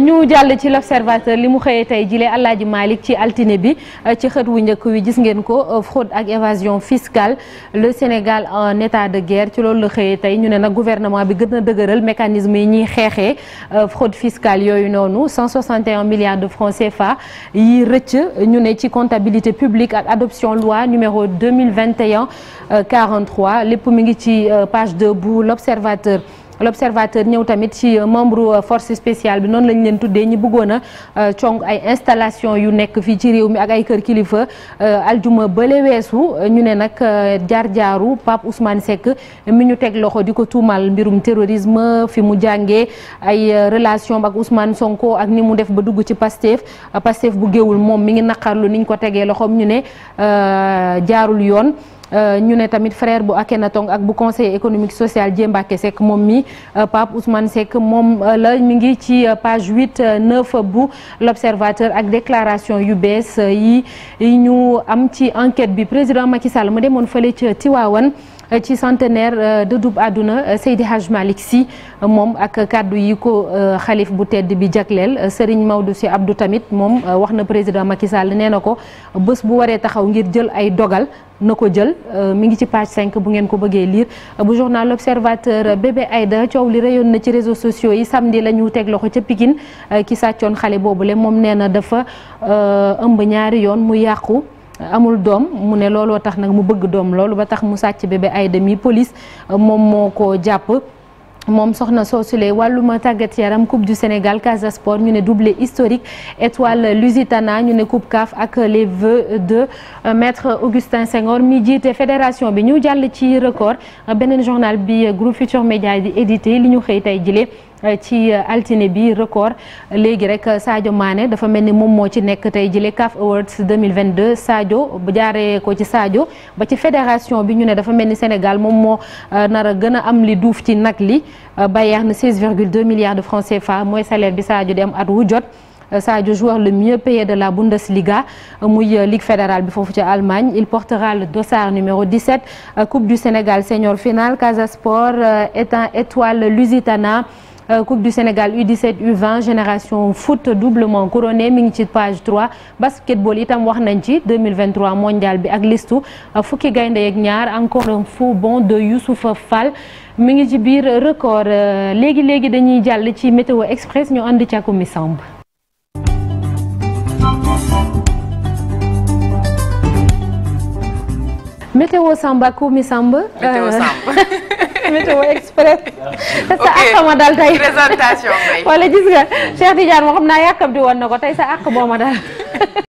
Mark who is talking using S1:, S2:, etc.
S1: ñu jàll ci l'observateur li mu xëyee tey jilee Alaaji Malick ci altine bi euh, ci xët wu njëkk wi gis ngeen ko euh, fraude ak évasion fiscale le Sénégal en état de guerre ci loolu la xëyee tey ñu ne nag gouvernement bi gën a dëgëral mécanisme yi ñuy xeexee euh, fraude fiscale yooyu noonu 161 milliards de francs CFA yi rëcc ñu ne ci comptabilité publique ak adoption loi numéro 2021 43 lépp mi ngi ci page 2 bu l'observateur l'observateur ñëw tamit ci euh, membre euh, force spéciale bi noonu lañ leen tuddee ñi bëggoon a euh, cong ay installation yu nekk fii ci réew mi ak ay kër kilifa aljuma bële weesu ñu ne nag jaar-jaaru Pape Ousmane Seck mu ñu teg loxo di ko tuumal mbirum terrorisme fi mu jàngee ay relation ak Ousmane Sonko ak ni mu def ba dugg ci Pastef Pastef bu géewul moom mi ngi naqarlu niñ ko tegee loxoom ñu ne jaarul yoon Euh, ñu ne tamit frère bu na tong ak bu conseil économique social Dié Mbacké Seck moom mi euh, Pape Ousmane Seck moom euh, la mi ngi ci page huit neuf bu l'observateur ak déclaration yu bees yi ñu am ci enquête bi président Macky Sall mu demoon fële ci Tiwaawan ci centenaire dëddub àdduna Seydi Hadj Malick si moom ak kàddu yi ko xalif bu tedd bi jagleel Serigne Maodo Sy Abdou tamit moom wax na président Macky nee na ko bés bu waree taxaw ngir jël ay dogal na ko jël euh, mi ngi ci page 5 bu ngeen ko bëggee liir euh, bu journal L'Observateur euh, bébé ayda coow li rayoon na ci réseaux sociaux yi samdi la ñu teg loxo ca Pikine ki sàccoon xale boobu boobule moom nee na dafa ëmb ñaari yoon mu yàqu amul doom mu ne looloo tax nag mu bëgg doom loolu ba tax mu sàcc bébé Aïda mi police moom moo ko jàpp moom soxna soosule wàlluma tàggat yaram coupe du Sénégal Casa Sport ñu ne doublé historique étoile Lusitana ñu ne coupe CAF ak les vœux de euh, maître Augustin Senghor mi jiite fédération bi ñu jàll ci record euh, beneen journal bi euh, groupe Futur Média di édité li ñu xëy tey jile Eh, ci eh, altine bi record léegi rek eh, Sadio maane dafa mel ni moom moo ci nekk tey jëlee CAF Awards 2022 Sadio bu jaaree ko ci saajo ba ci fédération bi ñu ne dafa mel ni Sénégal moom moo nar a gën a am li duuf ci nag li Bayern 16,2 milliards de francs CFA mooy salaire bi Sadio dem at wu jot. Sadio joueur le mieux payé de la Bundesliga muy ligue fédérale bi foofu ci Allemagne il portera le dossard numéro 17 Coupe du Sénégal senior finale Casa Sport étant étoile Lusitana. Euh, coupe du Sénégal U17 génération foot doublement couronnée mi ngi ci page 3 basketball itam wax nañ ci 2023 mondial bi ak listu euh, fukki gaynde ak ñaar encore un faux bond de Youssoupha Fall mi ngi ci biir record euh, léegi léegi dañuy jàll ci météo express ñu indi ci ak Oumy Samb météo météo express te sa àq ma dal tey présentation wala gis nga Cheikh Tidiane moo xam naa yàkkam di woon na ko tey sa àq moo ma dal